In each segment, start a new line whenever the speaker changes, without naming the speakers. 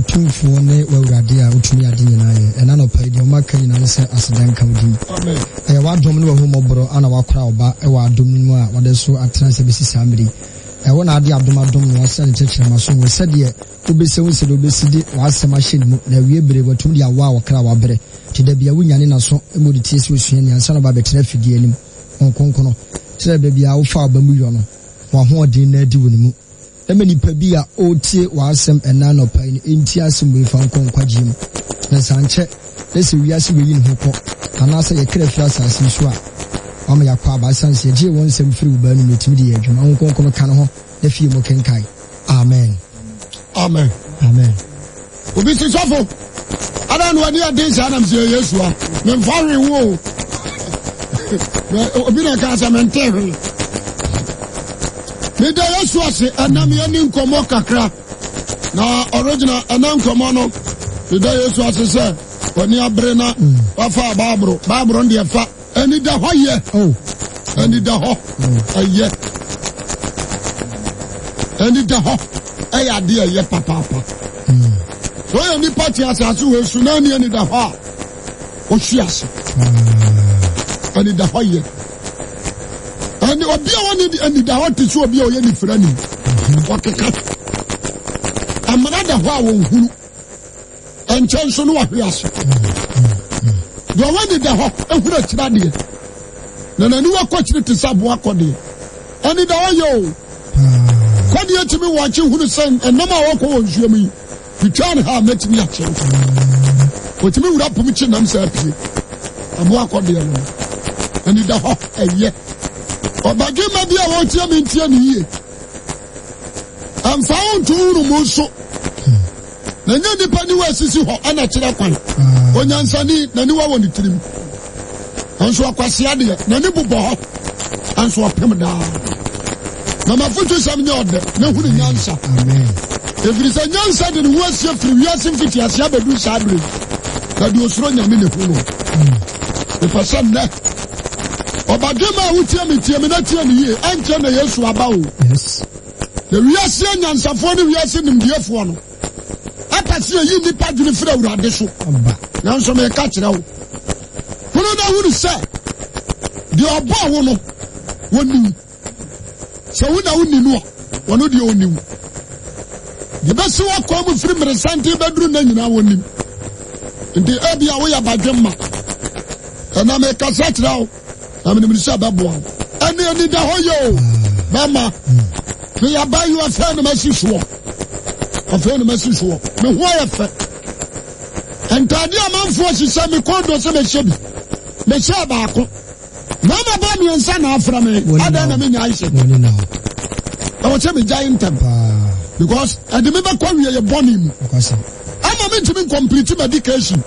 tumfuo ne wawurade a wotumi ade nyinaa yɛ ɛna nɔpa yi deɛ ɔma ka nyinaa ne sɛ aseda nka ɛyɛ wadom ne wahummɔborɔ ana wakora ɔba ɛwɔ adom no mu a wɔde so atena sɛ bɛsi saa mmere ɛwɔ na ade adom adom na ne kyerɛkyerɛma so wɔ sɛdeɛ wobɛsɛ wo sɛdeɛ wobɛsi de waasɛm ahyɛ ne mu na awie bere watumi de awoa a wɔkra wabrɛ nti da bia wonyane naso ma ɔde tie sɛ osua neansa na ɔbabɛtena afidie anim ɔnkonkono kyerɛ baabi a wofa aba mu yɔ no wahoɔden na adi wɔ ne mu ɛma nipa bi a ɔretie w'asɛm ɛna nɔpa yi no ɛnti asɛm wei fa nkɔ nkwagyeɛ mu na sankyɛ ɛsɛ wiase wei ne ho kɔ anaasɛ yɛkra fi asase nso a wama yɛakɔ abaasane sɛ yɛgyee wɔn nsɛm firi wo baa no mɛtumi de yɛ adwuma wo nkɔnkɔ no ka ne ho na fie mu kenkae amen amen amen obi si sɔfo ada no wani aden saa nam sɛ yesu a memfa hwe wo obi na ka sɛ mente hwee meda yesu ase ɛnam yɛni nkɔmmɔ kakra na ɔregyina ɛna nkɔmmɔ no meda yesu ase sɛ ɔne abere na wafa baaboro baaboro no deɛ fa ɛni da hɔ yɛ ɛni oh. da hɔ ɛyɛ ɛni da hɔ ɛyɛ adeɛ ɛyɛ papaapa sɛ ɔyɛ nipa te asase wɔ esu na ɛni da hɔ a ɔhwi ase ɛni hmm. da hɔ yɛ obi a wɔne anida hɔ te so obi a ɔyɛ ne fira nim wɔkeka amana da hɔ a wɔnhunu ɛnkyɛ nso no wahwe ase deɛ wɔne da hɔ ahunu akyira deɛ na n'ani wakɔ kyiri te sɛ aboa kɔdeɛ ɛne da hɔ yɛ o kɔdeɛ tumi wɔakye hunu sɛ ɛnam a wɔkɔ wɔ nsuam yi fitwa ne ha a mɛtumi akyerɛ wɔtumi wura pom kye nam sɛ apie aboa kɔdeɛ no ɛne da hɔ ɛyɛ ɔbadwema bi a wɔntie me ntie ne yie ɛmfa wo nto wuru mu nso na nyɛ nnipa ne wa asisi hɔ ɛna kyerɛ kwan hmm. onyansani n'aniwa wɔ ne tirim ɛnso akwasea deɛ n'ani bobɔ hɔ ɛnso ɔpem daa na mafoto sɛm nyɛ ɔdɛ na hunu nyansa ɛfiri sɛ nyansa de ne ho asie firi wiase mfitiaseɛ abɛdu saa berɛ na deɛ ɔsuro nyame ne hu no mepɛ hmm. sɛ ɔde ma wotie me tie me na tie me yie ɛnkyɛ na yesu aba o na wiase anyansafoɔ ne wiase nimdiefoɔ no ɛpɛ sɛ ɛyi nnipa dwene firi awurade so nanso meka kyerɛ wo hono na hunu sɛ deɛ ɔbɔɔ wo no wɔnim sɛ wo na woni no a wɔno deɛ ɔnim deɛ bɛsi wɔkɔɔ mu firi mmeresante bɛduru na nyinaa wɔnim nti ebia woyɛ badwemma ɛna meka sɛ kyerɛ wo aminimu sɛ bɛboa ɛne anida hɔ yɛ o bɛma meyɛ ba yi afɛ ne masi soɔ afɛ ne masi soɔ me ho ayɛ fɛ ntaade amanfoɔ hyehyɛ me kɔndo sɛ mehyɛ bi mehyɛ baako mama ba mmiɛnsa na afra me adɛn na menya ahyɛ ɛwɔ sɛ megyae ntɛm because ɛde me bɛkɔ wieyɛ bɔne mu ama mentumi nkɔmplete medication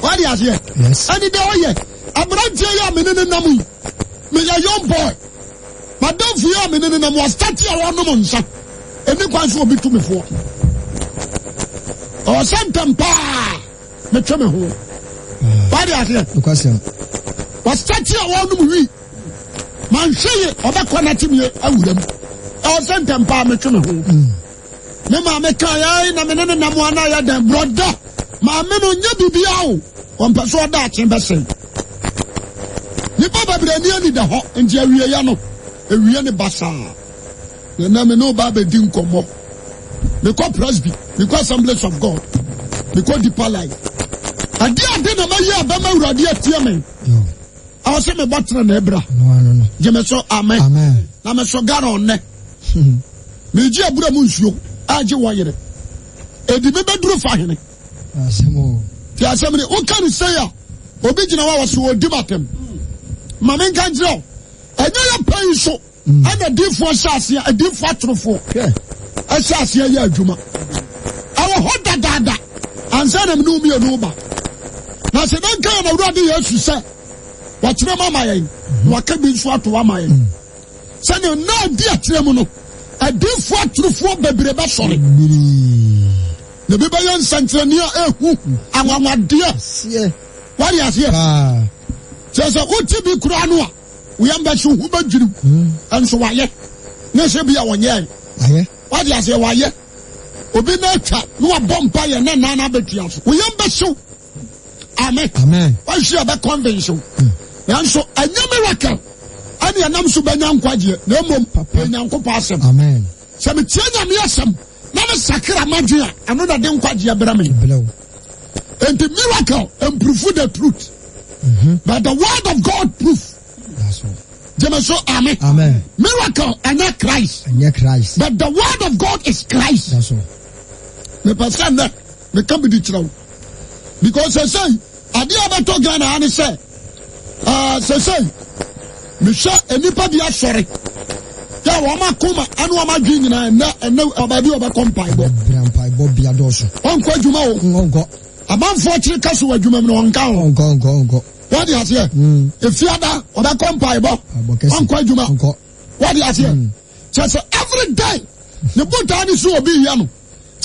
wade aseɛ ɛne dɛ ɔyɛ aberanteɛ yi a mene ne nam yi meyɛ young boy madamfo yi a mene ne nam wɔstate a wɔnom nsa ɛni kwan so obi tumi foɔ ɔwɔ sɛ ntɛm paa metwe me ho wade aseɛ wɔstate a wɔnom wi manhwɛ ye ɔbɛkɔ no temyɛ awura mu ɛwɔ sɛ ntɛm paa metwe me ho ne maame ka yɛi na mene ne nam ana yɛ dɛn borɔda maame no nyɛ biribiaa o ɔmpɛ so ɔda akye bɛsɛe babrani ani da hɔ nti awieya no awie ne basaa nana me ne woba abɛdi nkɔmmɔ mekɔ presby mekɔ assemblies of god mekɔ deeper life adeɛ ade na mayi a bɛma awurade atie me awɔ sɛ mebɔ tena na ɛbra gye me so amen na me so gara ɔnnɛ hmm. megye abura mu nsuo agye wɔyere ɛdi me bɛduru fa hene nti asɛm ne woka ne sei a obi gyina hɔ a wɔ so wɔdi m atɛm mame nka nkyerɛ ɛnyɛ yɛ pɛi so hmm. ɛna difoɔ hyɛaseɛ adifoɔ atorofoɔ ɛhyɛ aseɛ yɛ adwuma ɛwɔ hɔ dadaada ansa na mene womienu ba na sɛ dɛnka yɛ nawurade sɛ wɔkyerɛ ma ama yɛn hmm. na bi nso ato ama yɛn hmm. akyerɛ mu no atorofoɔ bebree na bi a anwanwadeɛ aseɛ ah. sɛ o wote bi kura no a woyɛ mbɛhye ho bɛdwiriw ɛnso wayɛ ne hyɛ bi a wɔnyɛɛ wade aseɛ wayɛ obi na atwa na wabɔ mpa yɛ ne nna no abɛtua so woyɛ mbɛhyew amen wahwe a bɛconvince wo nanso ɛnyɛ miracle ɛne ɛnam so bɛnya nkwagyeɛ na mmom onyankopɔn asɛm sɛ metie nyame asɛm na mesakra madwe a ɛno na de nkwagyeɛ berɛ me enti miracle improve the truth but the word of God proof. jẹ́mi so amen. amen. miracle ẹ̀yẹ Christ. ẹ̀yẹ Christ. but the word of God is Christ. mepɛ sɛ Me meka bi di kyerɛ wo because sɛsei adeɛ a bɛtɔ ghana ha ne sɛ sɛsei mehwɛ nnipa bi asɔre yà wọn ma kó ma ẹni wọn ma dwi nyinaa ẹnẹ ẹnẹ ọbaabi ọbẹ kọ mpaebọ. ẹbìrẹ mpaebọ bia dọọso. wọn adwuma o. wọn kọ. àbáfọ kyerè kásò wọ adwuma mu na wọn ká wọn. wọn wọ́n di aseɛ efiada ɔbɛ kɔ mpaebɔ ɔnkɔ adwuma wọ́n di aseɛ kyerɛ sɛ every day ne botaa ni so obi yia no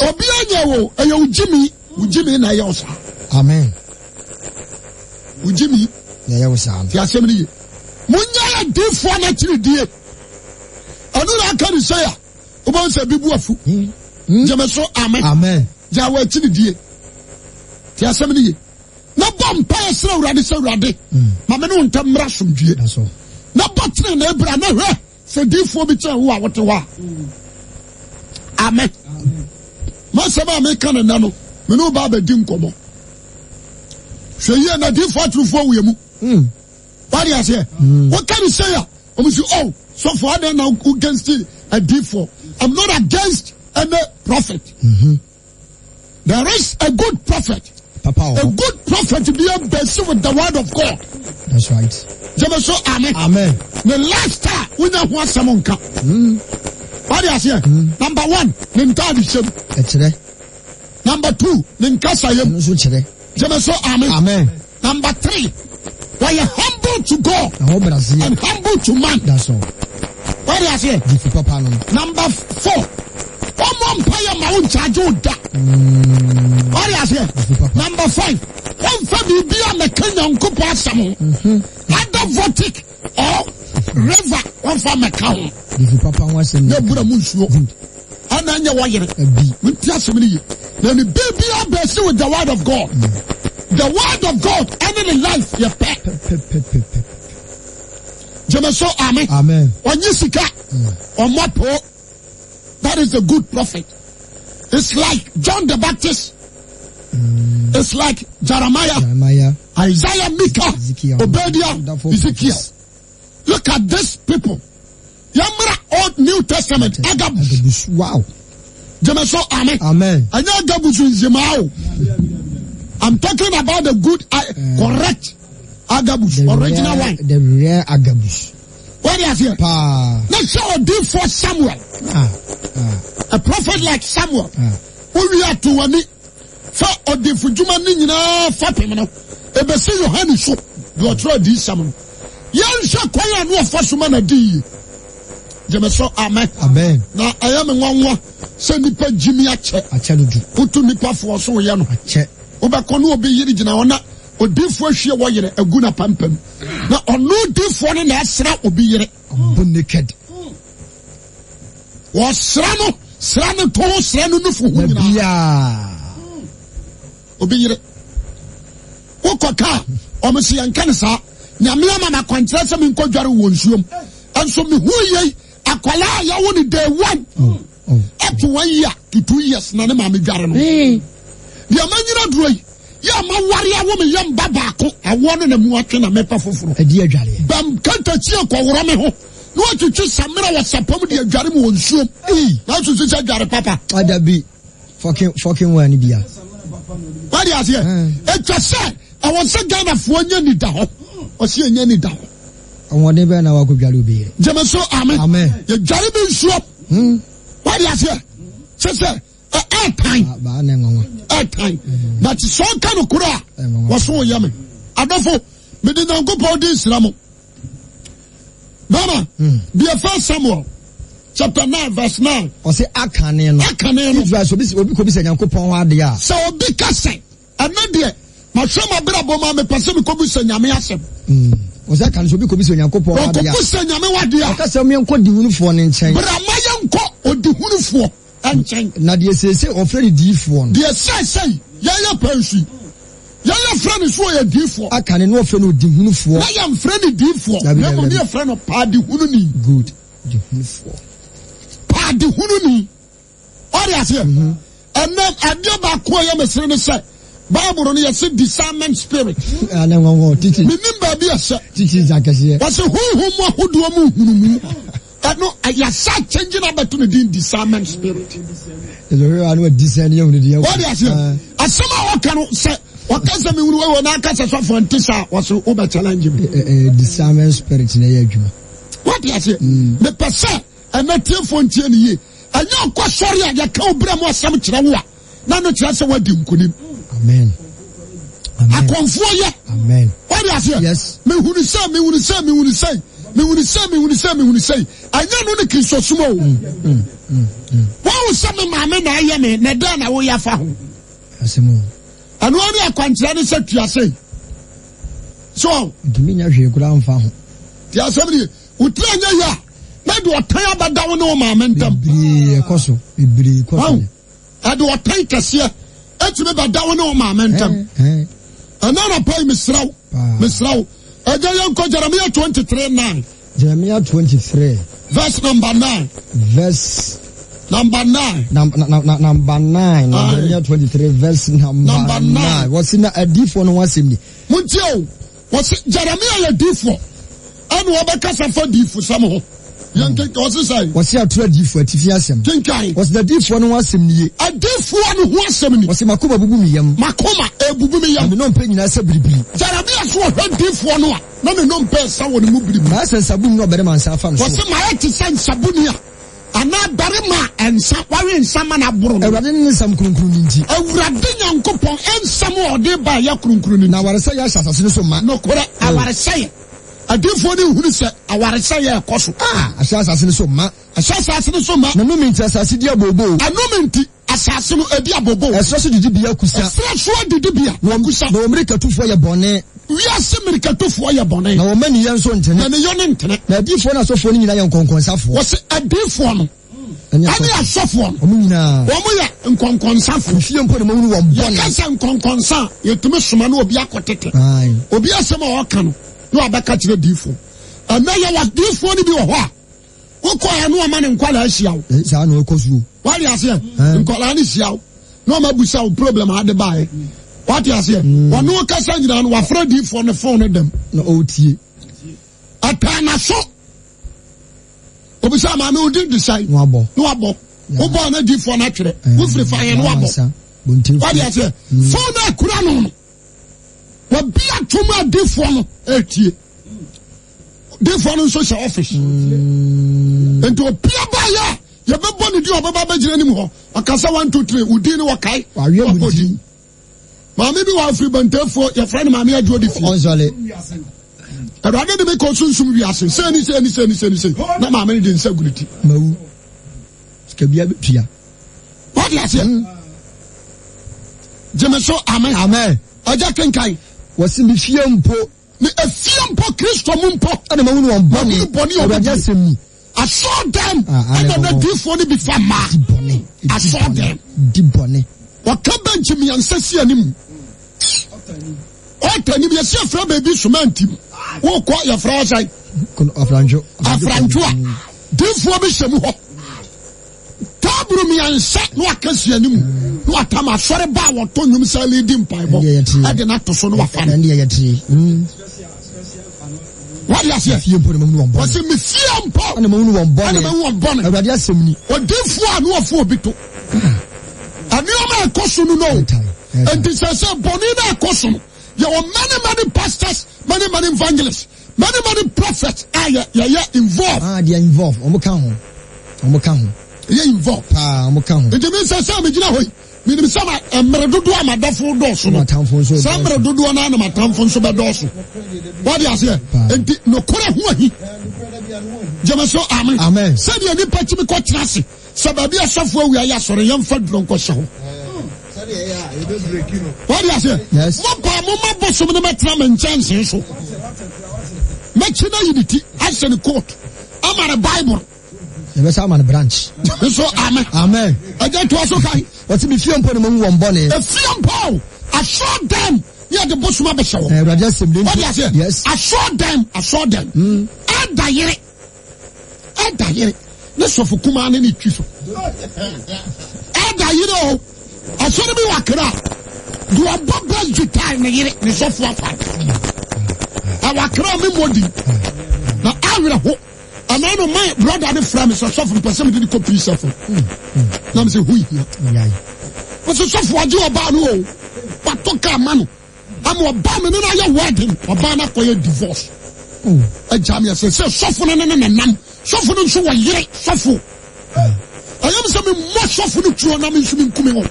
obi anya wo ɛyɛ wo jimi wo jimi na ɛyɛ wo saa amen wo jimi na ɛyɛ wo Amen. ti asɛm ni ye mo nya yɛ difoɔ n'akyiri die ɛnu na aka ni sɛ ya o b'an sɛ bibu afu hmm. jɛmɛ so amen jɛ awɔ akyiri die ti asɛm ni ye na bɔ mpaeɛ srɛ awurade sɛ awurade ma me ne wo ntam mmra asomdwie na bɔ tena na abira na hwɛ sɛ diifoɔ bi kyɛn wo a wote hɔ a amɛ masɛm a meka ne nɛ no me ne wo ba bɛdi nkɔmmɔ hwɛ yie na diifoɔ atorofoɔ wuyɛ mu hmm. wade aseɛ hmm. woka ne sɛi a ɔmu si o oh, sɔfo adɛn na wogansti adiifoɔ i'm not against any prophet mm-hmm. there is a good prophet Papa, oh. a good prophet be embedded with the word of God. That's right. Jẹ́mi sọ amen. Amen. The last time we na hu asẹ́mu nka. Wadi aseɛ. Number one, ne ntaade hyɛm. Ɛkyerɛ. Number two, ne nkasa yɛm. Ɛnu nso kyerɛ. Jẹ́mi sọ amen. Amen. Number three, wɔyɛ humble to God. Ɛhɔ bɛrɛ se. And humble to man. That's all. Wadi aseɛ. Jifu papa no. Number four wɔmmɔ mpayɛ ma wo nkyagye wo da ɔre aseɛ number five wɔmfa biribi a mɛka nyankopɔn asɛm ho ada votic or river wɔmfa mɛka ho na bura mu nsuo ana nyɛ wɔyere menti asɛm no ye na ne bebia bɛsi with the word of god mm. the word of god ɛne ne life yɛ pɛ gyeme so amen ɔnye sika ɔmmɔ poo That is a good prophet. It's like John the Baptist. Mm. It's like Jeremiah, Jeremiah Isaiah, Micah, Obadiah, Ezekiel. Look at these people. Yamra Old New Testament. Agabus. Wow. Jemeso, amen. Amen. I'm talking about the good, uh, correct Agabus, original one. The real Agabus. wọ́n yà fiyè. paa na sẹ ọdín fọ samuel. Ah, a prophet like samuel. ó wí àtò wọn ni fẹ ọdín fújúmọ ní nyinaa fapẹ̀mù náà ebèsè yohane so bí ọtúrọ̀ di sàmù no yẹn nsẹ kwan yà ni ọfọ sọmọ na di yìí jẹmẹsọ amen. amen. na ẹyẹ mi nwanwa sẹ nipa jimi akyẹ. akyẹ no ju. kutu nipa fọ ọsọ yẹ no. akyẹ. wọ́n bẹ kọ́ ní obi yiri gyina wọn náà odiifoɔ ahyia wɔ yere agu na pampam na ɔno odiifoɔ no na ɛsra obi yere ɔbɔ naked wɔsra no sra no tɔ ho sra no nofo ho nyinaa hmm. obi yere wokɔ kaa ɔmo si yɛnka ne saa nyame ama na akwankyerɛ sɛ menkɔ dware wɔ nsuom ɛnso mehu yei akwalaa a yɛwo ne day one oh, oh. ɛto one year to two na ne maame dware no deɛ manyina duro yi yà má wari awo mi yà mba baako awo no na mu atwe na mẹpa foforo. ẹdi adwale. bam kantakyi akɔwura mi ho na wọ́n tutu samira wọ sapam di adware mu wọ nsuo mu na tutu sẹ adware papa. adabi fɔkin fɔkin wa ni bia. wọ́n di aseɛ etwa eh. sɛ àwọn sɛ ghana fún ɔnyɛ ni da hɔ ɔsi ɛnyɛ ni da hɔ. ɔwɔden bɛɛ na wa ko dwale obi yɛ. jɛmɛso amen. amen. yɛ dware bi nsuo. Hmm. wọ́n di airtime airtime mm-hmm. but sɔɔ ka no koro a wɔso wɔyɛ me adɔfo mede nyankopɔn de nsira mo bama deɛ fa samuel chapter nine verse nine. ɔsɛ akane no akane no israel obi obi kò bisa nyankopɔn hɔ adeɛ a. sɛ obi kasa ɛnɛ deɛ ma sɛ ma bɛrɛ bɔ ma mɛ pɛsɛ mi kò bisa nyame asɛm. ɔsɛ hmm. akane sɛ obi kò bisa nyankopɔn hɔ adeɛ a ɔkò bisa nyame hɔ adeɛ a. ɔkasa mi nkɔ dihunifoɔ ne nkyɛn. bɛrɛ a ma yɛ nkɔ odihunufoɔ ɛnkyɛn. na deɛ sese ɔfrɛ ni diifoɔ no. deɛ sese yɛyɛ pɛnsu yɛyɛ fɛ ni so yɛ diifoɔ. aka ne n'o fɛ no dihunufoɔ. na yɛn fɛ ni diifoɔ na mo ni yɛ fɛ no paadihununi. good dihunufoɔ. paadihununi ɔde aseɛ mhm. ɛnɛ adeɛ baako a yɛ mɛsiri ni sɛ baabulu ni yɛsi discernment spirit. ɛnɛ nkɔnkɔn titi. mi ni baabi yɛ sɛ. titi jan kɛseɛ. wɔsi huhun mu ahodoɔ mu hunumu ɛno yɛsɛ kyɛngye no abɛto no din discernment spirit wode aseɛ asɛm a wɔka no sɛ wɔka sɛ mewunu wɔ na aka sɛ sɔfoɔ nte saa wɔso challenge me eh, eh, eh, discernment spirit na ɛyɛ adwuma wode aseɛ mepɛ sɛ ɛnɛ tiefoɔ ntie no yie ɛnyɛ ɔkɔ sɔre a yɛka wo berɛ mu asɛm kyerɛ wo a na di kyerɛ Amen. woadi nkonim amen akɔmfoɔ yɛ wode aseɛ mehunu sɛ mehunu sɛ mehunu sɛ mihuni sɛ mihuni sɛ mihuni sɛ ɛnyɛ no ne kristu suma o mm, mm, mm, wɔn sɛ mi maame na ayɛ mi na dɛn na wɔyɛ afa ho ɛnu ɔni akwankyerɛ ne sɛ tuase so. ntumi nya hwee kura nfa ho. tí a sẹ́mi ni wòtí ẹ̀ nyẹ́ yá n'ẹ̀dì ọ̀tán abadawo ní wọn maame ntẹ̀m. bebree ẹ̀kọ́ so bebree ẹ̀kọ́ so. ẹ̀dì ọ̀tán kẹsíẹ́ ẹ̀tì mi badawo ní wọn maame ntẹ̀m. ẹ̀nà ọ̀nà pẹ́yì mi siraw mi siraw. ẹjẹ yẹn kọ jeremiah 23 three 23 jeremiah twenty verse number 9 verse. number nine. na, number nine. twenty three verse number, number nine. wọ́n si na ẹ̀dínfọ̀ ni wọ́n sì mi. mo jẹ́ o wọ́n si jeremiah yẹ dínfọ̀ ẹnu ọbẹ̀ kásá sẹ́mu. yẹn kí kò sí sẹ́yìn. wọ́n sì àtúrò àdìfọ́ àti fi àsẹ̀m. kínkàn. wọ́n sì dà àdìfọ́ ni wọ́n àsẹ̀m nìyẹ. àdìfọ́ ni wọ́n àsẹ̀m ni. wọ́n sì makoma bubu mi yẹm. makoma ebubu mi yẹm. àmì náà ń pè nyina sẹ́ biribiri. jarabi ẹ̀fọ́ ọ̀hẹ́ àdìfọ́ nù a na mi náà ń pè ẹ̀sán ni mu biribiri. màá sẹ̀ nsabuni náà bẹ̀rẹ̀ màá nsa afa nso. wọ́n sì màá yẹ ti sẹ́ nsabuni a anaa barima nsa wari nsa ma na buru no. ni ne nsam kurunkurun ni nti. awurade nyankopɔn nsam a ɔde ba ya kurunkurun ni. na awaresɛ yɛ ahyɛ asase no so ma. n'okura awaresɛ yɛ adiifoɔ ni nhuni sɛ awaresɛ yɛ ɛkɔ so. Ah, ahyɛ asase ni so ma. ahyɛ asase ni so ma. na numu nti asase di abobo. anumu nti asase no edi abobo. ɛsrɛ so didi bia kusa. ɛsrɛ so didi bia kusa. na wɔn mirikatufoɔ yɛ bɔnne. wiase mirikatufoɔ yɛ bɔnne. na wɔn mɛni yɛ nso ntene. na ne yɔ ne ntene. na adiifoɔ na asɔfoɔ ni nyinaa yɛ nkɔnkɔnsafoɔ. wɔsi adiifoɔ no ɛne asɔfoɔ no wɔn nyinaa wɔn yɛ nkɔnkɔnsafoɔ nfie mpo de mo wuru wɔn bɔnne. yɛ kasa nkɔnkɔnsa yɛtumi soma no obi akɔ tete. obi asɛm a ɔka na wabɛka kyerɛ diifoɔ ɛnɛ yɛ wa diifoɔ no bi wɔ hɔ a wokɔ ɛ ne ɔma ne nkɔla ahyia wo saa na ɔkɔ suo wade aseɛ nkɔla no hyia wo na ɔma busa wo problem ade baɛ wate aseɛ mm. ɔne wo kasa nyinaa no wafrɛ diifoɔ ne fo no dɛm na ɔtie ɛtaa naso obisa maame wodin de sae ne wabɔ wobɔɔ no diifoɔ no atwerɛ wofiri fa yɛ ne wabɔ wade aseɛ mm. fo no akura no no wɔbi atom a difoɔ no ɛtie difoɔ no nso hyɛ office nti ɔpia ba yɛ yɛbɛbɔ ne din ɔbɛba bɛgyina anim hɔ ɔkasa one two three wodin no wɔkae ɔkɔdi maame bi wɔ afiri bantafoɔ yɛfrɛ no maame adwo de fie awurade de me kɔ sunsum wiase sɛni sɛni sɛni sɛni sɛni na maame no de nsa gu ne ti mawu sikabia bɛtua wɔde aseɛ hmm. gyeme so amen amen ɔgya kenkan wɔsi mi fie mpo. ni efie mpo kristo mu mpo. ɛna mo wuli wɔn bɔnni bɔnni ɔbɛ di ɛsɛ mu. I saw them ah, ah, ɛna ne di fo bi fa ma. di bɔnni I saw them. di bɔnni. wɔka bɛnkyi miɛnsa si anim. ɔtɛ anim yɛsi efra beebi sumanti wɔkɔ yɛfra ɔsɛn. afranjo. afranjo a difoɔ bi hyɛ mu hɔ. taaburu miɛnsa na waka si anim. Mm na watam asɔre ba a wɔtɔ nnwom sɛ leadi mpaebɔ ɛde no ato so no wafa no wadi ase efie mpo na mahu wɔn bɔnne wɔsi mefie mpo na mahu wɔn bɔnne na mahu wɔn bɔnne awurade asɛm ni ɔdinfo a ne wɔfo obi to nneɛma a ɛkɔ so no no nti sɛ sɛ bɔnne na ɛkɔ so no yɛwɔ many many pastors many many evangelists many many prophets a ah, yɛ yɛyɛ involved. Ah, they are involved wɔn ka ho wɔn ka ho. yɛ involved. paa wɔn ka ho. ntumi nsɛsɛ mi gyina hɔ yi minim sɛ ma eh, mmerɛ dodoɔ a madafo dɔɔso no saa mmerɛ dodoɔ no a na matamfo nso bɛdɔɔso wode aseɛ enti nokorɛ ho ahi gyeme so ame sɛdeɛ nipa tumi kɔtena ase sɛ baabi asɔfoɔ awia yɛ asɔre yɛmfa duro nkɔhyɛ ho wode aseɛ mopaa moma bosom no mɛtena me nkyɛnsee so mɛkyi no ayi ne ti ahyɛ ne coat ama ne bible yɛbɛ sɛ ama no branch nso amen amen ɛgya toa so kae wɔte me fie mpo e eh, ne mahu wɔn bɔne ɛfie mpo asɔ dɛm yɛde bosoma bɛhyɛ wɔ awurade asɛm de ntiaseɛ asɔ dɛm asɔ dɛm ɛda yere ɛda yere ne sɔfo kumaa ne ne twi so ɛda e yere o asɔre bi wɔ akra a de ɔbɔ brass guitar ne yere ne sɔfo afa awakra me mmɔdi na awerɛ ho ɛna no my brother ne fra me sɛ sɔfo pɛ sɛ mede ne kɔ pii sɛfo na me sɛ hoihia wɔsɛ sɔfo agye ɔbaa no o wato ka ma no ama ɔbaa me ne no ayɛ wedding ɔbaa no akɔyɛ divorce agya me ɛsɛ sɛ sɔfo no ne ne nenam sɔfo no nso wɔyere sɔfo ɛyɛ me sɛ memmɔ sɔfo no tuo na me nso menkume ho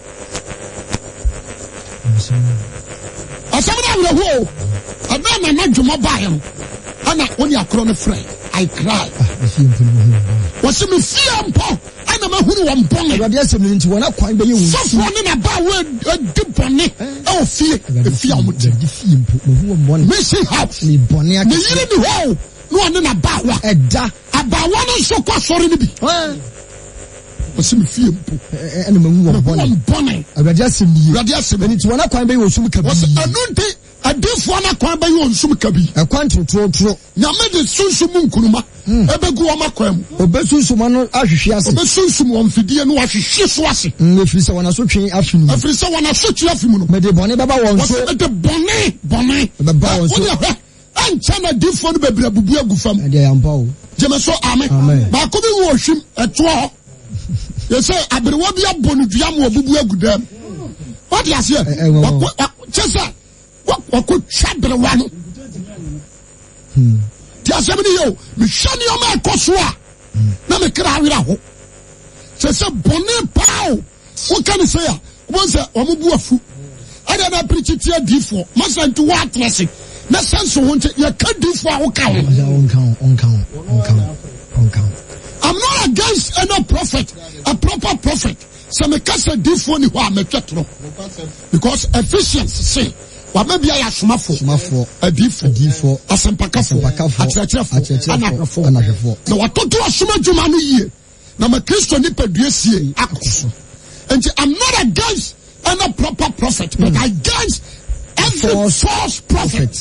asɛm no awerɛho o ɛna nana dwuma baeɛ no ana wone akorɔ no frɛ I cry. Wɔsi mi fi yɛ mpɔ ɛna ma huni wɔn bɔnne. Awurade asɛm ni nti wɔn akwan bɛ yɛ wɔn fi. Sɔfo ne na ba wo edi bɔnne ɛwɔ fie efi awo ti. Awurade fi mpo ma hu wɔn bɔnne. Mission house. Ni bɔnne ake. Ne yiri ni hɔ o ne wɔn ne na ba wa. Ɛda. Abawa no nso kɔ asɔre ni bi. Wɔsi mi fi yɛ mpo. Ɛna ma hu wɔn bɔnne. Awurade asɛm ni yɛ. Awurade asɛm ni yɛ. Ɛni nti wɔn akwan bɛ yɛ wɔn sum adiifoɔ no kwan bɛyɛ ɔnsum ka bi ɛkwan torotorontoro nyame de sunsum nkuruma ɛbɛgu wɔm akwan mu ɔbɛsunsum hmm. no ahwehwe ase ɔbɛsunsum wɔ mfidie no wahwehwe so ase ɛfiri hmm, sɛ wɔnaso twe afi mu ɛfiri sɛ wɔnaso twe afi mu no mede bɔne bɛba wɔn so mede bɔne bɔne bɛba wɔn so wode hwɛ ɛnkyɛ na adiifoɔ no bɛbrɛ abubu agu fam ɛdeɛ yɛmpa wo gyeme so ame baako bi wɔ ɔhwim ɛtoɔ hɔ yɛsɛ aberewa bi abɔ no dua ma wɔbubu agu dam wode aseɛ kyɛ sɛ wakɔ twa berewa no nti asɛm no yɛo mehwɛ nneɔma ɛkɔ so a na mekra awerɛ ho sɛ sɛ bɔne paa o woka ne sɛ a wobɛhu sɛ ɔmobu afu ɛdeɛ na aperikyitia difoɔ masna nti woatena se na sɛ nso ho nkyɛ yɛka difoɔ a woka ho I'm not against any prophet, a proper prophet. Sɛ meka sɛ difoɔ ni hɔ a mɛtwɛ because Ephesians say wàmẹ bi a yà sumafo sumafo adifo adifo asempakafo asempakafo akyerɛkyerɛfo anahwɛfo anahwɛfo na watoto asoma juma no yie na ma kristo nipa due sie akoso nti i'm not against any proper prophet mm. but hmm. against every false, false prophet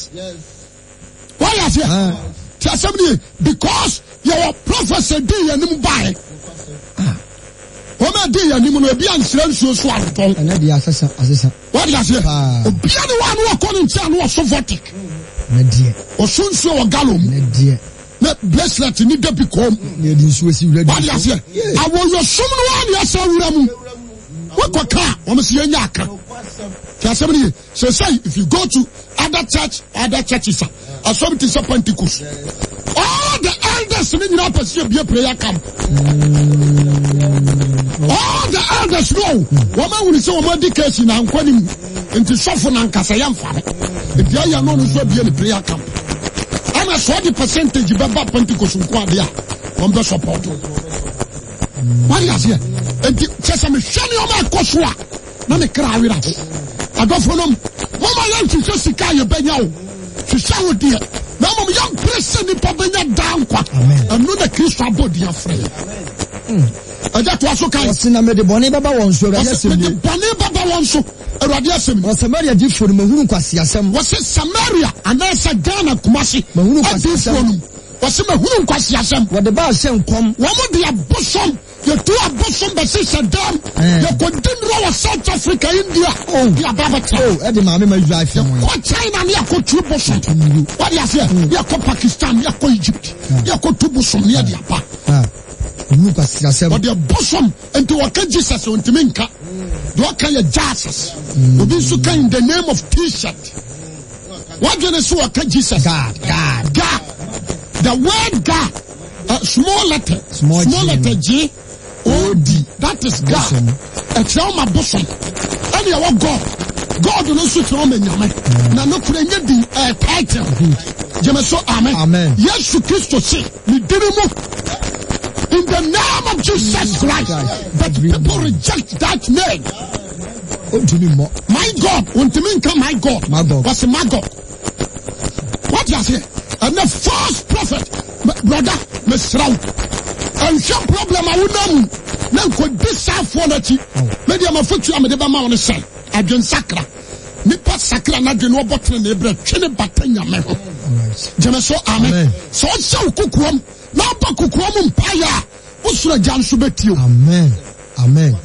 wọ́n yà fẹ́ tí a sẹ́mi because yẹ wọ prophesy di yẹn ni báyìí. Ah wọn bɛ di yanni mu na obi a nsira nsuo so arutɔn. ɛnɛ de asesa asesa. wadi aseɛ obiara wa ni wɔkɔ ne nkyɛn ani wɔso vɔtik. ne O wɔso nsuo wɔ galon. ne deɛ. na bracelet ni depi kɔn. ne yɛde nsuo si wura di. wadi aseɛ awɔyɔ sum ni wa ni ɛsɛ wura mu wɔkɔ kaa wɔn si yɛn nyɛ aka tí a sɛ mi ni sɛ sɛ if you go to other church other churches a asɔmi ti sɛ pentikos elders ni nyinaa pɛ sɛ ebie prayer camp all the elders no wɔn awuri sɛ wɔn adi keesi na nkɔ ne mu nti sɔfo na nkasa yɛ nfare ebi ayɛ no nso ebie ne prayer camp ɛna sɔɔ de percentage bɛba pentikos nkoade a wɔn bɛ support o wadi aseɛ nti kyɛ sɛ mehwɛ ne ɔmo akɔ so a na ne kra awira ho adɔfo nom wɔn ayɛ nhwehwɛ sika yɛ bɛnya o hwehwɛ wo deɛ na mmom yɛmpere sɛ nnipa bɛnya daa nkwa ɛno na kristo abɔ de afrɛ yɛ hmm. ɛgya toa so kae ɔse na mede bɔne bɛba wɔn so awurade asɛm mede bɔne bɛba wɔn so awurade asɛm wɔ samaria difoɔ no mahunu nkwaseasɛm wɔse samaria anaasɛ ghana kumase adifoɔ nom wɔse mahunu nkwaseasɛm wɔde baa hyɛ nkɔm wɔmo de abosom yɛtu abosom bɛse sɛ dam yɛkɔdi wɔ south africa india yaba oh. bɛtɛ oh, ɛdi maame ma yura afi mu yɛ kɔ china ni yɛkɔ tu bosom wɔde afi yɛkɔ pakistan yɛkɔ egypt hmm. yɛkɔ tu bosom ni yɛde aba olu ka sira sɛbɛn wɔde bosom nti wɔka jesus ntumi nka de wɔka yɛ jesus hmm. obi nso ka in the name of t-shirt wadwene so wɔka jesus god god god the word god uh, small letter small, small letter g o d that is god ɛkyerɛ wɔn abosom ɛna ɛwɔ god god no nso kyerɛ wɔn anyame na no kura nye di ɛɛ title gyeme so amen yesu kristo se ne diri mu. In the name of Jesus Christ, but people reject that name. My God, when to mean come, my God, my God, what's my God? What does it? And the false prophet, brother, Miss ɛnhwɛ problem a wonam na nkɔdi saafoɔ no akyi medeɛ mafotua mede bɛma wo no sɛn adwensakra nipa sakra n'adwe ne ɔbɔ tene ne brɛ twe ne bata nyame ho gyeme so amen sɛ ɔhyɛ wo kokoam na aba kokoam mpaeɛ a wosoro agya nso bɛtio amen amen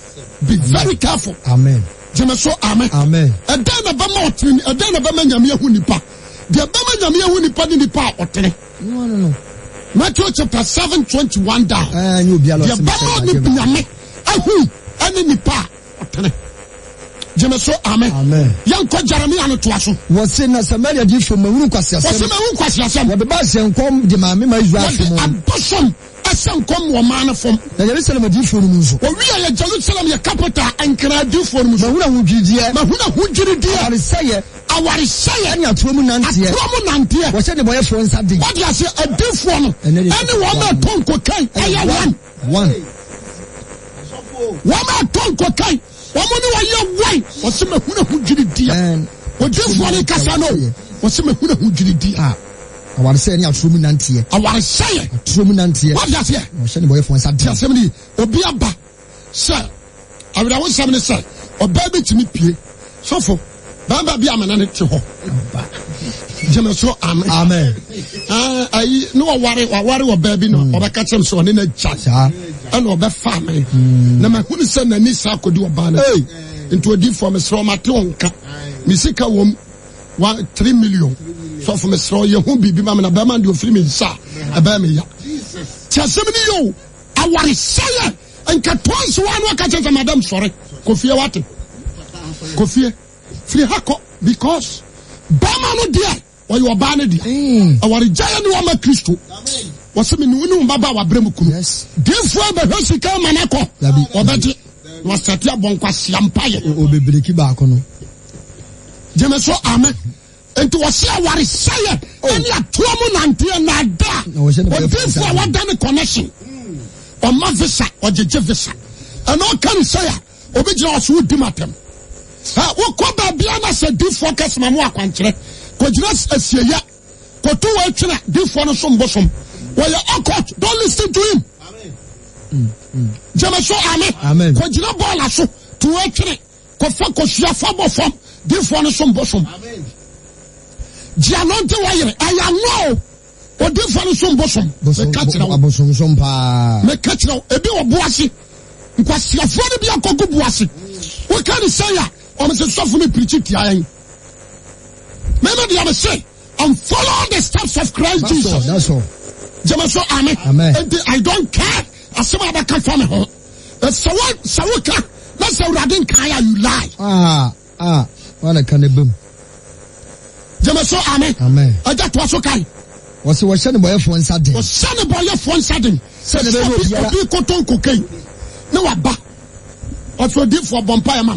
be very careful amen gyeme so amen amen ɛdɛn na bɛma ɔtene ɛdɛn na bɛma nyame ahu nipa deɛ bɛma nyame ahu nipa ne nipa a ɔtene no no no Matthew chapter seven twenty one down. Yɛ eh, bɛrɛ ni nyame ahu ɛni nipa ɔtɛnɛ. Jẹmẹsọ amen. Yẹn kọ Jeremiah ni tuwa so. Wọ́n na Samaria di fún mi, wúru kwasi asẹ́mu. Wọ́n sẹ́ na wúru kwasi asẹ́mu. Wọ́n di maame ma Israel fún mu. Wọ́n di abọ́sọ̀m aṣẹ nkọ́m wọ maa Na Jerusalem di fún mu nso. Owi yẹ Jerusalem yẹ capital nkira di fún mu Mahuna hun Mahuna hun jiri diẹ. awaresɛyɛ ne atoɔ mu nanteɛ atoɔ mu nanteɛ wɔhyɛ ne bɔyɛfoɔ nsa de wɔde ase adifoɔ no ɛne wɔn ma ɛtɔ nkokan ɛyɛ one one wɔn ma ɛtɔ nkokan wɔn mu ne wɔyɛ one wɔsi ma ehun ehun gyiri di a odifoɔ ne kasa no wɔsi ma ehun ehun gyiri di a ah. awaresɛyɛ ne atoɔ mu nanteɛ awaresɛyɛ atoɔ mu nanteɛ wɔde ase wɔhyɛ ne bɔyɛfoɔ nsa de asɛm ni obi aba sɛ awurawo sɛm ni sɛ ɔbaa bi tumi pie sɔfo. So bàbá bi amena ne te hɔ jẹmẹ so amen ayi ne wa wari wa wari wɔ bɛɛ bi na ɔbɛ kakyɛ mi sɛ ɔne ne gya ɛna ɔbɛ fa mi na ma hun sɛ n'ani sa akodi ɔbaa ne nti odi fɔ mi sɛ ɔma te wɔn ka mi sika wɔm wa three million sɔfo mi sɛ ɔyɛ ho biribi ma mi na bɛrima de ofiri mi nsa ɛbɛrɛ hmm. mi ya kyɛ sɛm ni yio awaresɛyɛ nkatɔnso wa ne wa kakyɛ sɛ madam sɔre kofie wate kofie firi ha kɔ because bɛrima no deɛ ɔyɛ ɔbaa no deɛ ɔwaregyaeɛ ne wama kristo wɔsɛ me ne ne mbaba a wabrɛ mu kunu diifoɔ bɛhwɛ sika ma no kɔ ɔbɛgye na ɔsɛte abɔnkwasia mpayɛ ɔbɛbreki baako no gyeme so ame nti wɔse awaresɛyɛ ɛne oh. atoa mu nanteɛ naadaa ɔdiifoɔ a wada ne connection ɔma visa ɔgyegye visa ɛna ɔka ne sɛ a obɛgyina ɔso wodim atɛm wokɔ baabia na sɛ difoɔ kɛsema mu akwankyerɛ kɔgyina asieya kɔto wɔ atwena difoɔ no so mbosom wɔyɛ ɔkɔt don listen to him mm, mm. gyeme so ame kɔgyina bɔɔla so to wɔ atwene kɔfa kɔsua fa bɔ fam difoɔ no so mbosom gyano nte wɔyere ɛyɛ ano o odifoɔ no so mbosom meka kyerɛ meka kyerɛ ebi wɔ boase nkwasiafoɔ no bi akɔgu boase woka ne sɛ yɛ ɔmo sɛ sɔfo mi pirikyi tia yɛn mɛmɛ deɛ ɔmo sɛ I'm following the steps of Christ that's Jesus. All, that's all. jẹmọ sọ amen. amen. nti I don't care asem abaka fa mi ho sawo sawo ka na sawurade nkan ya you lie. Ah, ah. wọn kan ebem. jẹmọ sọ amen. amen. ẹja tó aso kan. wɔsi wɔhyɛ ne bɔyɛfoɔ nsa den. wɔhyɛ ne bɔyɛfoɔ nsa den. sɛde bɛ wo biara obi koto nkoke ne wa ba ɔtɔ di fɔ bɔnpa yɛ ma.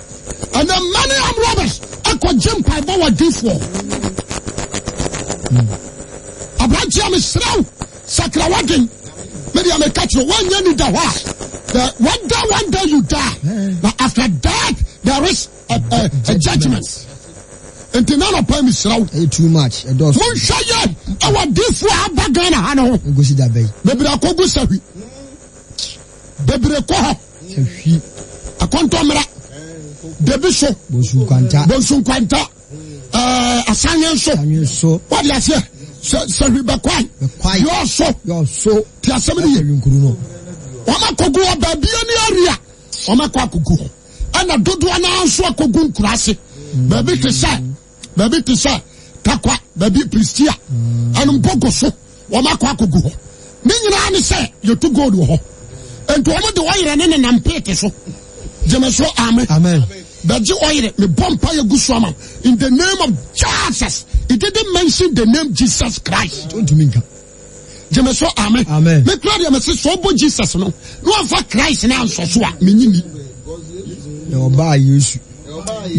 and the money I am robbers akɔgye mpaebɔ wɔ difoɔ hmm. aberanteɛ meserɛw sakra waden medeɛ meka kyerɛ woanyɛ ni da hɔ a one day one day you die But after that there is a, a, a judgment nti na nɔpa meserɛw too much that yɛ Maybe I aba go ha no ho bebre akɔgu sahwi bebre kɔ hɔ akɔntɔmmra debi so bonsunkwanta eh, asanye so wadi aseɛ sɛhwi bɛkwae yɛ so ti asɛm ne ye wɔma kogu hɔ baabia ne area Wama kɔ akogu hɔ ɛna dodoɔ naa nso akogu nkura ase baabi te sɛ baabi te sɛ takwa baabi pristia ɛno mm. mpogo so Wama kɔ akogu hɔ ne nyinaa ne sɛ yɛtu gold wɔ hɔ enti wɔmo de wɔyerɛ ne ne nampete so jẹmẹsọ amen. amen. bẹẹji ọyẹrẹ mi bọ mpa yẹ gu so in the name of jesus it didn't mention the name jesus christ. tuntun jẹmẹsọ amen. amen. mi kura de ẹmẹ sẹ sọ bọ jesus nọ ní wọn fa christ náà sọ so a mi yin ni. ọba yesu.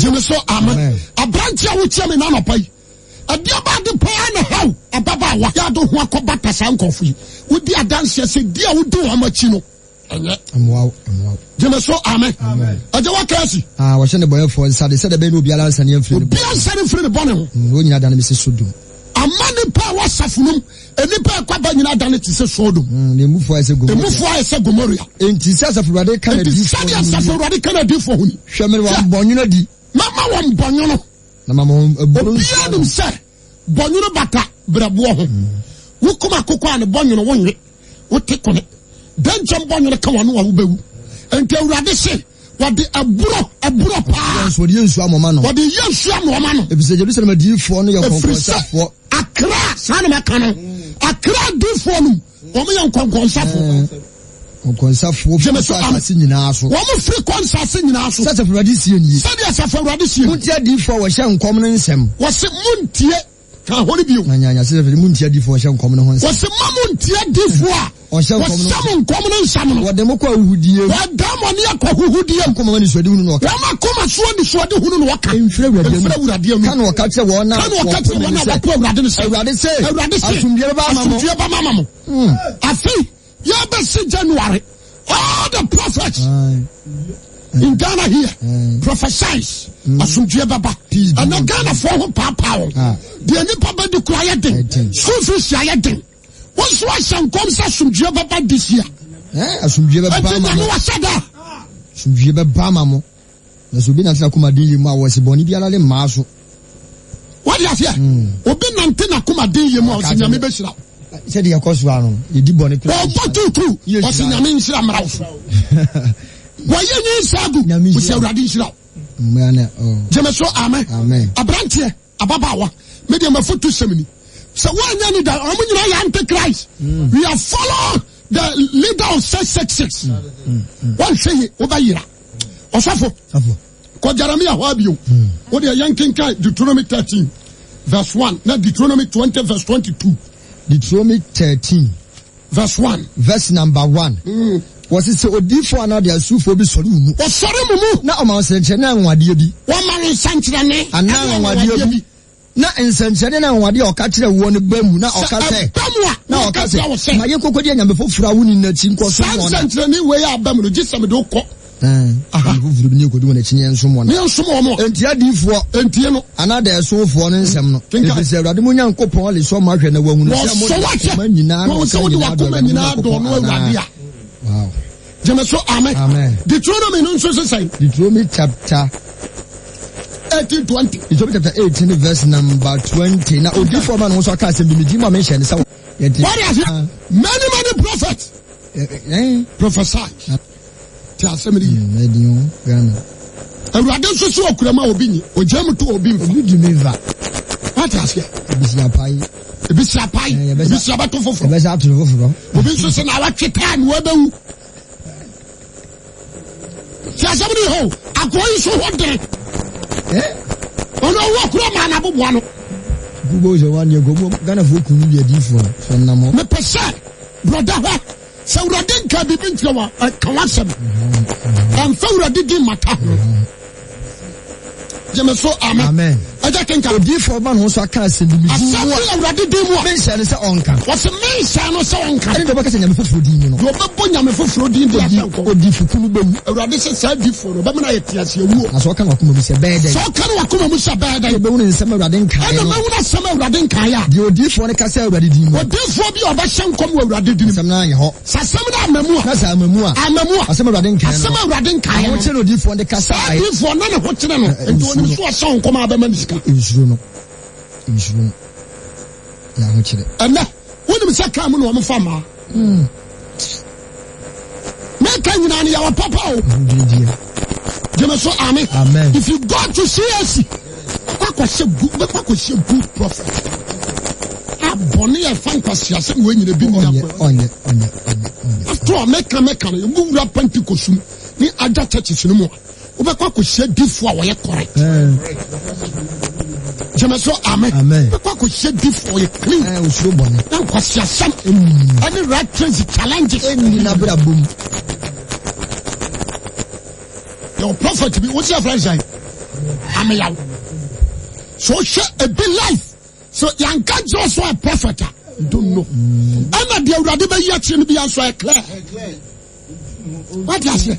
jẹmẹsọ amen. aberante a wotia mi nana pa yi adi aba de paa na haw ababaawa yadu ho akɔba tasa nkɔfo yi wodi adansi ɛsɛ di a wodi wɔn akyi no ɛnyɛ. amuaw amuaw. jẹmẹsọ amen. ɛjẹ wa kẹsì. aa wàhyɛ ne bɔyɛ fɔ nsade sɛ dɛbɛ ni obi ala nsani nfiri ne bɔ. obi ansani nfiri ne bɔ ne mm, ho. o nyina dan mi se so dum. ama nipa a wasafunum enipa akwaba nyina dan ti se so dum. Mm, ne mu fɔ ɛsɛ gomoria. emu fɔ ɛsɛ gomoria. nti sɛ asafurade kana di fɔ huni. nti sɛ asafurade kana di fɔ wa bɔnyɔnɔ di. mama wa bɔnyɔnɔ. na mama wɔn eburo nsira. obiara bata brɛ boɔ ho. Mm. wukuma koko a ne kone dɛnkyɛn bɔ nyere ka wɔn no wɔn bɛwu nti awurade se wɔde aburo aburo paa wɔde yɛ nsu amoma no wɔde yɛ nsu amoma no ebisɛ jerusalem adiifoɔ no yɛ nkɔnkɔnsafoɔ akra saa na mɛka no akra adiifoɔ no wɔn yɛ nkɔnkɔnsafoɔ nkɔnsafoɔ fi kɔnsase nyinaa so. wɔn firi kɔnsase nyinaa so. sɛdeɛ sɛfɔ awurade sie nie. sɛdeɛ sɛfɔ awurade sie. mun tiɛ diifoɔ wɔhyɛ nkɔm ne nsɛm. wɔsi mun tiɛ ka hɔn bi o. na nyanya sɛ fɛn mu ntia di fo ɔhyɛ nkɔm ne ho nsa. wɔsi ma mu ntia di fo a. ɔhyɛ nkɔm ne ho nsa. wɔsɛ mu nkɔm ne nsa mu. wɔde mu kɔ ahudie. wɔda mu ni akɔ ahudie. wɔn kɔma ni suadi hunu na ɔka. wɔn akɔma suwa ni suadi hunu na ɔka. nfiri awurade mu nfiri awurade mu. kanu ɔka kyerɛ wɔn na wɔkɔ wɔn na wɔkɔ awurade nisɛ. awurade se awurade se asumdiɛ bɛ ama afi yɛ bɛ si january all the prophets in ghana here prophesies. Mm. asomdue bɛba ɛna ghanafoɔ ho paapaa ah. wɔ deɛ nipa bɛdi kura yɛ den school fees yɛ yɛ den wɔn nso ahyɛ nkɔm sɛ asomdue bɛba this year asomdue bɛba ama mo ɛti nyame wahyɛ da asomdue bɛba ama mo na so obi nante na kumaden yie mu a wɔsi bɔnni biara le mmaa so wɔde aseɛ mm. obi nante na kumaden yie mu a wɔsi nyame bɛhyira sɛdeɛ ɛkɔ so ano yɛdi bɔnne kura ɔbɔ tuntun wɔsi nyame nhyira mmaraw so wɔyɛ nyi nsaagu wɔsi awurade nhyira gyeme oh. so amen aberanteɛ ababaawa medeɛ mafo to sɛm ni sɛ woanyɛ ne da ɔmo nyinaa yɛ antichrist mm. we are follow the leader of six six six mm, mm, wɔnhwɛ ye wobɛyera ɔsɔfo kɔ jeremia hɔ abio wodeɛ yɛnkenka deuteronomy 13 verse one. na deuteronomy 20 verse 22 deuteronomy 13 verse one. verse number one wɔsi sɛ odiifo anaa de asuufo bi sɔrɔ wumu. wɔsɔrɔ mu mu. na ɔma nsɛnkyɛn na anwadeɛ bi. wɔma ne nsɛnkyerɛnne. anaa anwadeɛ bi na nsɛnkyerɛnne na anwadeɛ ɔka kyerɛ wɔ ne ba mu na ɔka sɛ. sɛ ɛbɛn mu a na ɔka sɛ ma ye koko deɛ nyame foforɔ awo ni n'akyi nkɔ so wɔn na. saa nsɛnkyerɛnne wo yɛ abam no jisɛm de o kɔ. foforɔ bi ne ekodu wɔn akyi yɛ nsom wɔn na. yɛ nsom wɔn na. mu na wɔn mu. wɔsɔ wɔkyɛ wɔn sɛ wɔde wakoma nyinaa dɔn no jẹmẹ so amen deuteronomy no nso sisan. deuteronomy chapter. eighteen twenty. deuteronomy chapter eighteen verse number twenty na odi fún ọba n'oṣù aka asem bimi jimmy amin sẹni sáwọn. wọ́n yà sẹ́ many many prophets. prophesy. Ah. ti asem ni yẹ. mẹ́ẹ̀dínwó mm, ghana. awurade nso sí ọkùnrin ma obi yin ojú ẹ̀mú tó obi nfa. obi dùn mí nfa wati aseɛ. ebi si apayi. ebi si apayi eh, ebi si abato foforɔ. ebi si ato foforɔ. obi nso sɛ na awatwe taa ni wabewu. ti asɛm ni hɔ akɔɔ yi so hɔ dere. ɔno owó kura maa na bubu ano. gbogbo sɛ wa ni ego gana fo kunu yɛ di fo fɛn na mɔ. mepɛ sɛ broda hɔ sɛ wurade nka bibi nkyerɛ wa ɛka wa sɛm ɛnfɛ wurade di mata. jɛmɛ so amen. amen ɛjɛ kinkan. odiifo ɔba n'o sɔ aka asɛnum di mu a. asɛnum mu a. mɛnsa ni sɛ ɔnka. wɔsi mɛnsa ni sɛ ɔnka. ɛni dɔ bɛ kɛ sɛ nyame foforo no. yɔ bɛ bɔ nyame foforo di mu yɛ odiifo kunu bɛ mu. awurade sɛ no bɛmi na yɛ tiasi ewu. na sɔ kan wa kuma mu sɛ bɛɛ dɛ. sɔ kan wa kuma mu sɛ bɛɛ dɛ. ɛbɛ wuli nsɛm awurade nkaayɛ. ɛna mɛ wuli nsɛm awurade nkaayɛ. di odiifo ni kasa awurade di mu. odiifo bi ɔbɛ hyɛ di mu. asɛm naa yɛ hɔ. sasɛm naa amamua. na sɛ amamua. amamua. asɛm awurade nkaayɛ. asɛm awurade nkaayɛ. no. nti wɔn aka nsuro no nsuro no yɛ ahokyerɛ ɛnɛ wonim sɛ kaa mu na ɔmofa maa hmm. mɛka nyinaa no yɛwɔ papa o gyeme so ame if you go to cac wakɔhyɛ e, good prophet abɔne yɛfa nkwasiasɛm wɔ nyina bi nyɛ after all mɛka mɛka no yɛmu wura pentecost mu ne agya churches no mu a wobɛkɔ akɔhyia difo a wɔyɛ correct gyeme eh. so amen wobɛkɔ akɔhyia difo a wɔyɛ clean eh, osuro bɔne na nkɔsiasɛm ɛne rat trains challenges ɛninabrabom yɛwɔ prophet bi wosi afra nsae ameyaw so wohwɛ ebi life so yɛanka gyerɛ so a prophet mm. a ntonno ɛna deɛ awurade bɛyi akyerɛ no bi anso ɛclare wate aseɛ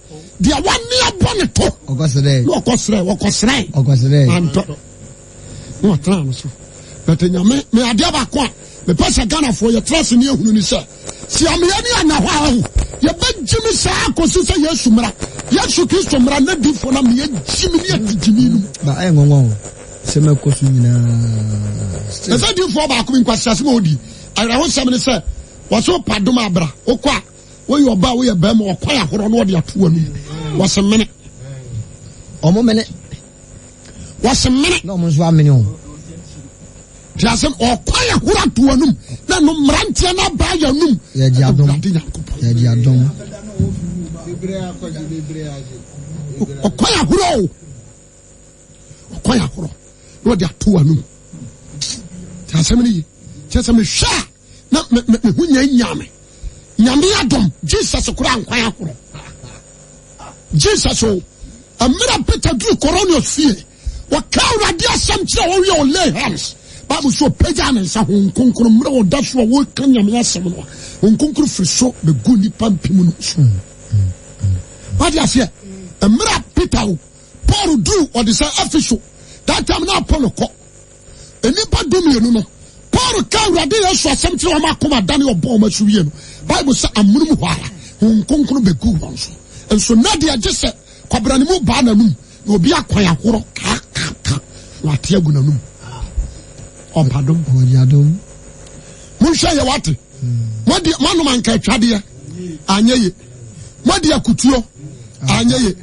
deɛ wani abɔ ne to. ɔkɔsirɛ. ɔkɔsirɛ ɔkɔsirɛ. ɔkɔsirɛ. antɔ ne wa tena ano so bɛtɛ nyame mɛ adeɛ baako a mepɛ sɛ ghanafoɔ yɛtena se ne ahunu ni sɛ siameɛ ne ana hɔ aho yɛbɛgye me saa akɔsi sɛ yesu mmara yesu kristo mmara ne difo na meyɛ gyi me ne atigyi me num. ba ɛyɛ ngɔngɔ o sɛ mɛ kɔ so nyinaa. ɛsɛ difoɔ baako bi nkwasiase ma odi ayɛrɛho sɛm ne sɛ wɔso padom abra wokɔ a woyɛ ɔba a woyɛ bɛrima wɔkwan ahorɔ na wɔde ato wɔ no mu wɔsi mene ɔmo mene wɔsi mene na ɔmo nso amene o tí a sɛ ɔkwa yɛ hura tu wɔn num na no mmeranteɛ na ba yɛ num yɛ di adɔm yɛ di adɔm ɔkwa yɛ hura o ɔkwa yɛ hura na ɔde atu wɔn num tí a sɛ mene yi tí a sɛ me hwɛ a na me me me hu nyɛ nyame nyame adɔm jesus kura nkwa yɛ hura jesus o mmerɛ peter duru coronius fie wɔka awurade asɛm kyerɛ wɔwie ɔlay hands bible so ɔpagya ne nsa honkonkro mmerɛ wɔda so a wɔka nyame asɛm no a honkonkro firi so bɛgu nnipa mpem hmm, no hmm, so hmm. wade aseɛ mmerɛ peter o paul duru ɔde sɛ afi so that time na apollo kɔ nnipa dumienu no paul ka awurade yesu asɛm kyerɛ wɔn akoma adane ɔbɔ wɔn asu wie no bible sɛ amunum hɔ ara honkonkro bɛgu wɔn so nso na deɛ gye sɛ kwabrane mu baa n'anum na obi akɔ yahoro kaakaka wate agu n'anum ɔmpadom ɔyadom monhwɛ yɛ wate mode manom anka atwadeɛ anyɛ ye mode akutuo anyɛ ye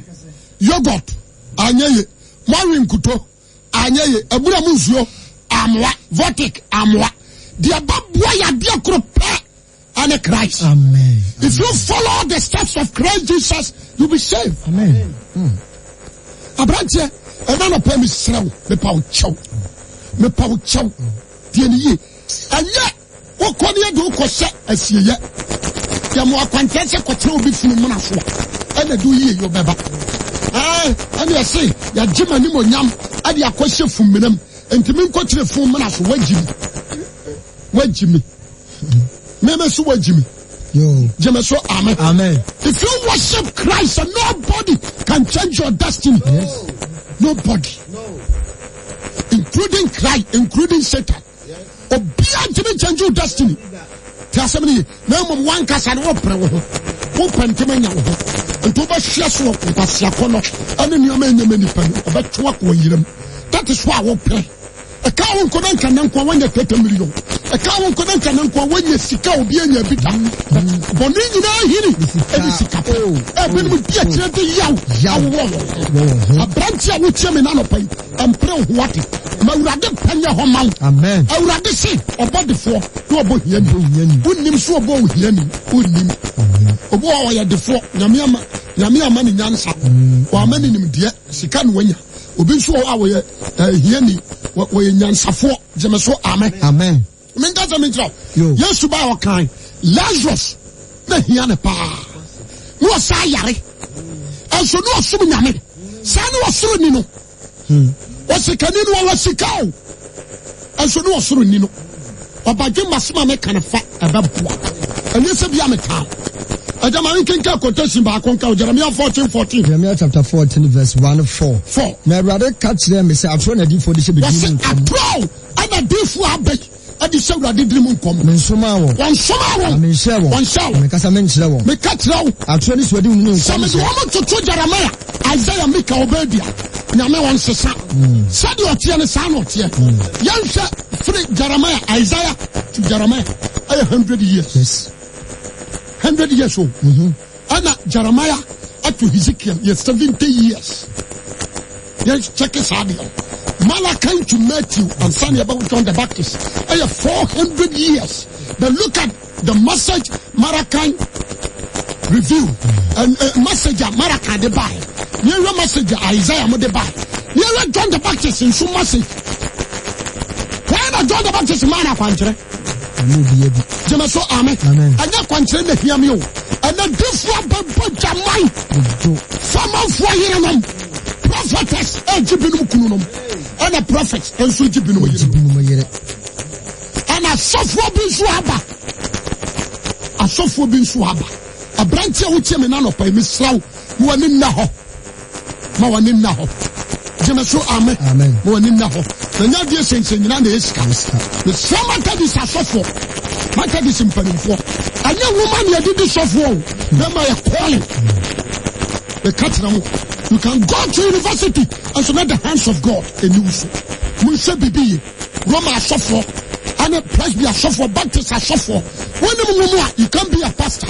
yogot anyɛ ye moawe nkuto anyɛ ye abura mu nsuo amoa votic amoa deɛ baboa yɛ adeɛ koro and Christ. Amen. If you follow the steps of Christ Jesus, you'll be saved. Amen. Hmm. Abranteɛ, ɛna na pɛ mi srɛ wo, mi pa wo kyɛw, mi pa wo kyɛw, deɛ ni yie, ɛnyɛ wokɔ ne yɛ de wokɔ sɛ asieyɛ, yɛ mo akwantɛ sɛ kɔtena obi funu munafoɔ, ɛna de oyie yɛ ɔbɛba. Ɛɛ ɛna ɛsɛ yagye ma ne mo nyam, ɛde akɔhyɛ funminam, ntumi nkɔkyerɛ fun munafoɔ wagyi mi, wagyi mi. Meme so wajimi. Jeme so amen. Amen. If you worship Christ, nobody can change your destiny. Yes. Nobody. No. Including Christ, including Satan. Yes. Obia jimi change your destiny. Te asem ni, na mom wan kasa ne wo pre wo ho. Wo pentima nya wo ho. Nti wobɛhwɛ so wɔ nkwaseakɔ no ɛne nneɔma ɛnyɛma nnipa no ɔbɛtoa kɔ yiram that is why pray ɛka wo nkɔda nkana nkoa woanya tata million ɛka wo nkɔda nkana nkoa woanya sika obi anya bi da bɔne nyinaa hini ɛne sika pa ɛbinom di akyerɛ de yaw awowɔ aberante a wotie me nanɔpa yi ɛmpere ho ate ma awurade panyɛ hɔ ma wo awurade se ɔbɔdefoɔ na ɔbɔ hiani wonnim so ɔbɔ wo hiani wonnim obi a ɔyɛ defoɔ nyame ama ni nyansa wɔama ne nimdeɛ sika ne wanya obi nso a wɔyɛ ɛhiani wɔyɛ nyansafoɔ gyeme so amen. amen. minta sɛ mintra yesu ba a ɔkan lazarus na hia ne paa ne ɔsa yare ɛnso ne ɔsom nyame saa ne ɔsoro ni no hmm. ɔsikani no ɔwɔ sika o ɛnso ne ɔsoro ni no ɔbadwe masoma me ka ne fa ɛnyɛ sɛ bia me kaa ẹja maa n kínkẹ́ quotation baako nka o jeremiah fourteen fourteen. jeremiah chapter fourteen verse one four. four. na awurade ka kyerɛ mi sɛ aturo na adiifo de hyɛ bi dirimu nkɔm. wɔsi aburo ɛna adiifo abɛ ɛde hyɛ awurade dirimu nkɔm. mi nsoma wɔn. wɔn nsoma wɔn. mi nhyɛ wɔn. wɔn nhyɛ wɔn. mi kasa mi nkyerɛ wɔn. mi ka kyerɛ wɔn. aturo ni suwadi wunu nkɔm. sɛmidi wɔn tutu jeremiah isaiah mika obedi a nyame wɔn sisa. Hmm. sadi ɔtiɛ ni saa na ɔtiɛ. yɛn hwɛ firi jeremiah isaiah to jeremiah ɛyɛ hundred years. Yes. hundred years old mm-hmm. Anna jeremiah ato Ezekiel yɛ seventy years check saa deɛ malachi to matthew and Samuel yɛbɛwo john the baptist ɛyɛ four hundred years but look at the message malachi review mm-hmm. and uh, message a malachi de bae yɛhwɛ message isaiah mo de bae yɛhwɛ john the baptist in nso message wɔyɛ are john the baptist maa na gyeme amen. ame ɛnyɛ kwankyerɛ na hia me o ɛnɛ difo abɛbɔ gyaman famafoɔ yerenom prophetes agye eh, binom kununom ɛna prophet eh, nso gye binom yere ɛna asɔfoɔ bi nso aba asɔfoɔ bi nso aba aberante a wotie me na nɔpa mesra wo ma wɔne nna hɔ ma wɔne nna hɔ gyeme so ame ma wɔne nna hɔ ɛnyɛ adeɛ sɛnsɛn nyinaa na ɛsika mesrɛ matadis asɔfoɔ matadis mpanimfoɔ ɛnyɛ nwoma ne yɛde di sɔfoɔ o bɛma yɛ kɔɔle meka kyerɛ mo you can go to university and so not the hands of god ɛni wo so monhwɛ biribi ye roma asɔfoɔ ɛne presby asɔfoɔ baptist asɔfoɔ wonim wo mu a you can be a pastor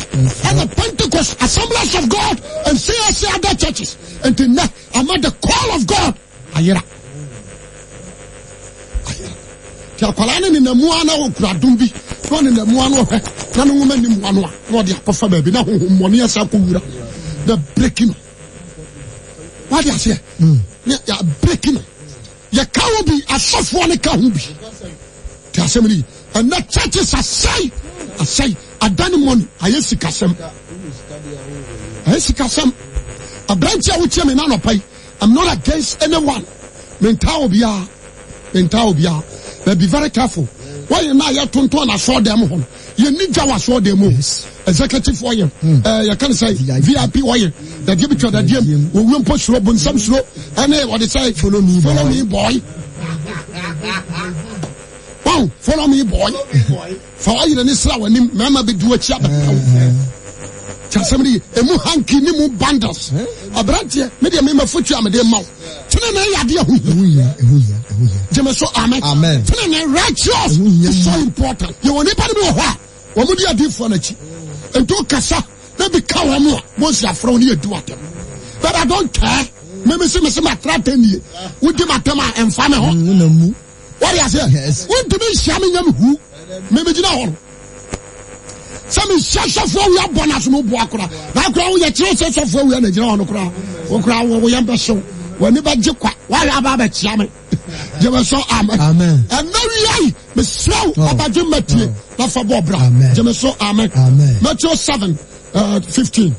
ɛne pentecost assemblies of god and csc other churches And ɛnti nnɛ ama the call of god ayera nti akwadaa ne nenamua na okura dum bi na nenamua no ɔhwɛ na ne nwoma ni mua no a na ɔde akɔfa baabi na honhom mɔni ɛsɛ akɔ na breki no wade aseɛ hmm. na yà breki no yɛ ka bi asɔfoɔ ne ka bi te asɛm ni ɛnna churches asɛe asɛe adane mɔni ayɛ sikasɛm ayɛ sikasɛm aberanteɛ a wotia mi na anɔpa yi i'm not against anyone mentaa obiara mentaa obiara but be very careful wọ́n yìí náà yẹ tuntun na sọ dẹ́mu hàn yẹ níjà wà sọ dẹ́mu executive wọ́n yẹ ẹ yẹ kàn sẹ́ vip wọ́n yẹ dàdí bi twẹ́ dàdí mu òwú mpọ suro bọ̀ nsẹ́m suro ẹni wọ́n sẹ́ follow me follow me boy wọ́n follow me boy fọwọ́ yìí ni sira wọ́n ni mẹ́ẹ̀mà bi du ẹ̀kyí abẹ́tẹ́wò kyasɛm no ye ɛmu hanki ne mu bandas aberanteɛ medeɛ memafo tua mede ma wo tene ne yɛadeɛ ho gyeme so amen tene na righteous is so important yɛwɔ nipa no bi wɔ hɔ a wɔmode adiifoɔ no akyi ɛnti wokasa na bi wɔ mo a mose afrɛ wo ne yɛdi watɛm but i don't care meme se me se matrata nie wodi matɛm a ɛmfa me hɔ wɔde aseɛ wontumi nhyia me nyam hu memegyina hɔ no sẹ́mi sẹ́ sọ́fọ́ wíyá bọ̀ náà sọ́mi bu akora náà kura wọ́n yẹ kyerẹ́ sẹ́ sọ́fọ́ wíyá nàìjíríà wọn kura wọn kura wọn wọ́n yẹ mbẹ́ sẹ́wọ́ wọn ni bẹ́ gye kwa wọ́n yà bá bẹ̀ kyerẹ́ mi jẹ́ bẹ́ sọ amẹ́ ẹ̀nà wíyá yìí mi sẹ́wọ́ ọbàdé mẹ́tìrì náà fọ́ bọ̀ bra jẹ́ bẹ́ sọ amẹ́ Matthew seven uh, fifteen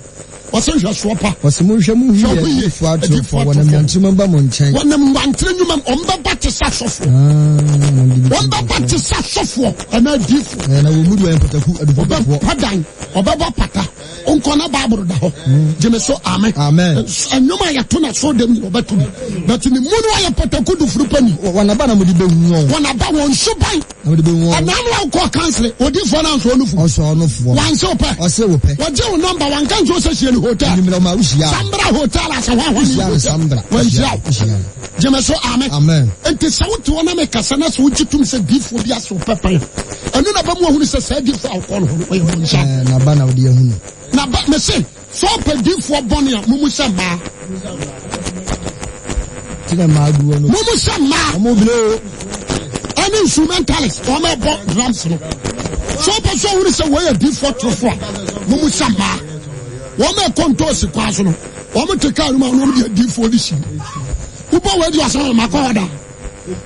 wɔsɛ hwɛ soɔ pa wɔsɛ monhwɛ mu hu yɛ adifoɔ atorofoɔ wɔnam nantoma ba mo nkyɛn wɔnam wantere nnwuma ɔmbɛba te sɛ asɔfoɔ ah, ɔmbɛba te sɛ asɔfoɔ ɛna adifoɔ ɛna wɔn mu de wɔyɛ mpataku adufoɔ ɔbɛpadan ɔbɛbɔ pata nkɔnɔ baabolo da hɔ mm. jɛmɛ so amen ɛnyɔm a yɛto na so dem yɛ ɔbɛto mi bɛti ni mu ni wayɛ pɔtɔku du furu pɛni. wɔnaba na mo de bɛ wu wɔn. wɔnaba wɔn nsu ban. na mo de bɛ wu wɔn. ɛnna anu akɔ kansile odi fɔ n'an sɔn nufu. ɔsɔn nufu. wa n se o pɛ. ɔse o pɛ. wɔjɛ o nɔmba wa n kan so se siyɛli hotel. ɛnumero ma o siya. sanbara hotel asawahwa ni hotel. sanbara. wɔn siya gyeme amen enti sɛ wote hɔ na mekasa dire sɛ wogye tom sɛ un bi tu na bɛmu mu sɛ saa diifoɔ a wokɔ no ho no ɔyɛ ho nhyɛ naba na wode na se dire Tu a momu dire tu instrumentalist drums no sɛ wopɛ sɛ wohunu a tu sɛ mmaa wɔma so no wɔmo te kaa nom wobɔ wadi ɔsɛ makɔ da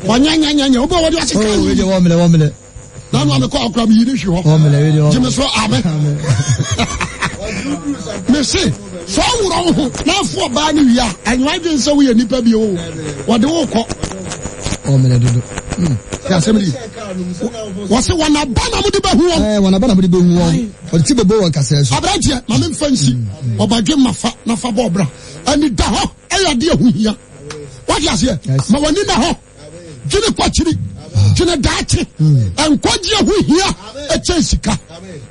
ɔnyanyanyanya wobɔ wadi ɔsɛ ka nanu ami kɔ ɔkura mi yi ni fi hɔ jimi so abe mesi sɔ wura wo ho n'afɔ ɔbaa ni wia ɛnyɛ adi nsɛ wo yɛ nipa bi o wɔde wo kɔ. ɔmɛnɛ dodo yasɛm di
wɔsi wɔn aba na mo de bɛ hu wɔn. ɛɛ eh,
wɔn aba na mo de bɛ hu wɔn ɔdi ti bɛ bɔ wɔn kasɛɛ so. abiranteɛ maame nfa nsi ɔbɛdwe hmm. nafa bɔ ɔbra ɛni da hɔ ɛyɛ adi ehu hia wadi aseɛ ma wɔn nina hɔ gyina kɔkyiri gyina daakye nkɔgye ho hmm. hia ɛkyɛn e sika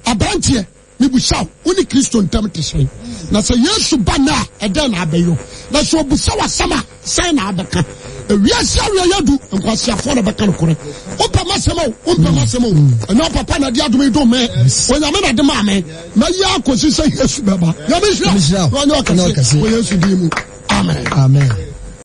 aberanteɛ mibusaw wone kristo ntam te sɛn na sɛ yesu ba na a ɛdɛn na abɛyɔ e hmm. hmm. e na sɛ ɔbusaw asɛm a sɛn na abɛka ewiase awia yadu nkwasiafo na bɛka no korɛ wopɛ masɛm o wompɛ masɛm o ɛna papa na de adom yi do mɛ onyame na de maa mɛ na yi akɔsi sɛ yesu bɛba nyame hyira na ɔnyɛ ɔkɛse wɔ yesu din mu amen
amen